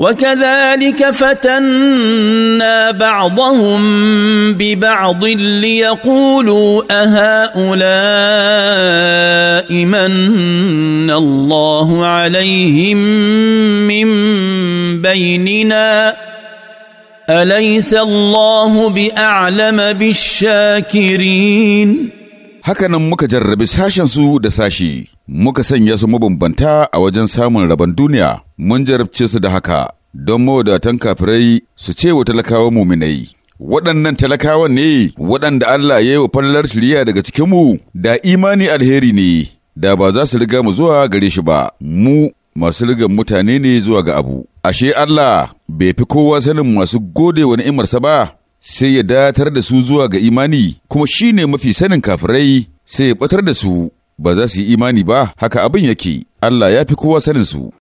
وكذلك فتنا بعضهم ببعض ليقولوا اهؤلاء من الله عليهم من بيننا اليس الله باعلم بالشاكرين hakanan muka jarrabi su da sashi, muka sanya su mabambanta a wajen samun rabon duniya, mun jarabce su da haka, don mawadatan kafirai su ce wa talakawa muminai. Waɗannan talakawan ne waɗanda Allah ya yi wa fallar shirya daga cikinmu da imani alheri ne, da ba za su riga mu zuwa gare shi ba, mu masu rigar mutane ne zuwa ga abu. Ashe Allah bai fi kowa sanin masu gode wa ni'imarsa ba. sai ya datar da su zuwa ga imani kuma shi ne mafi sanin kafirai sai ya batar da su ba za su yi imani ba haka abin yake Allah ya fi kowa sanin su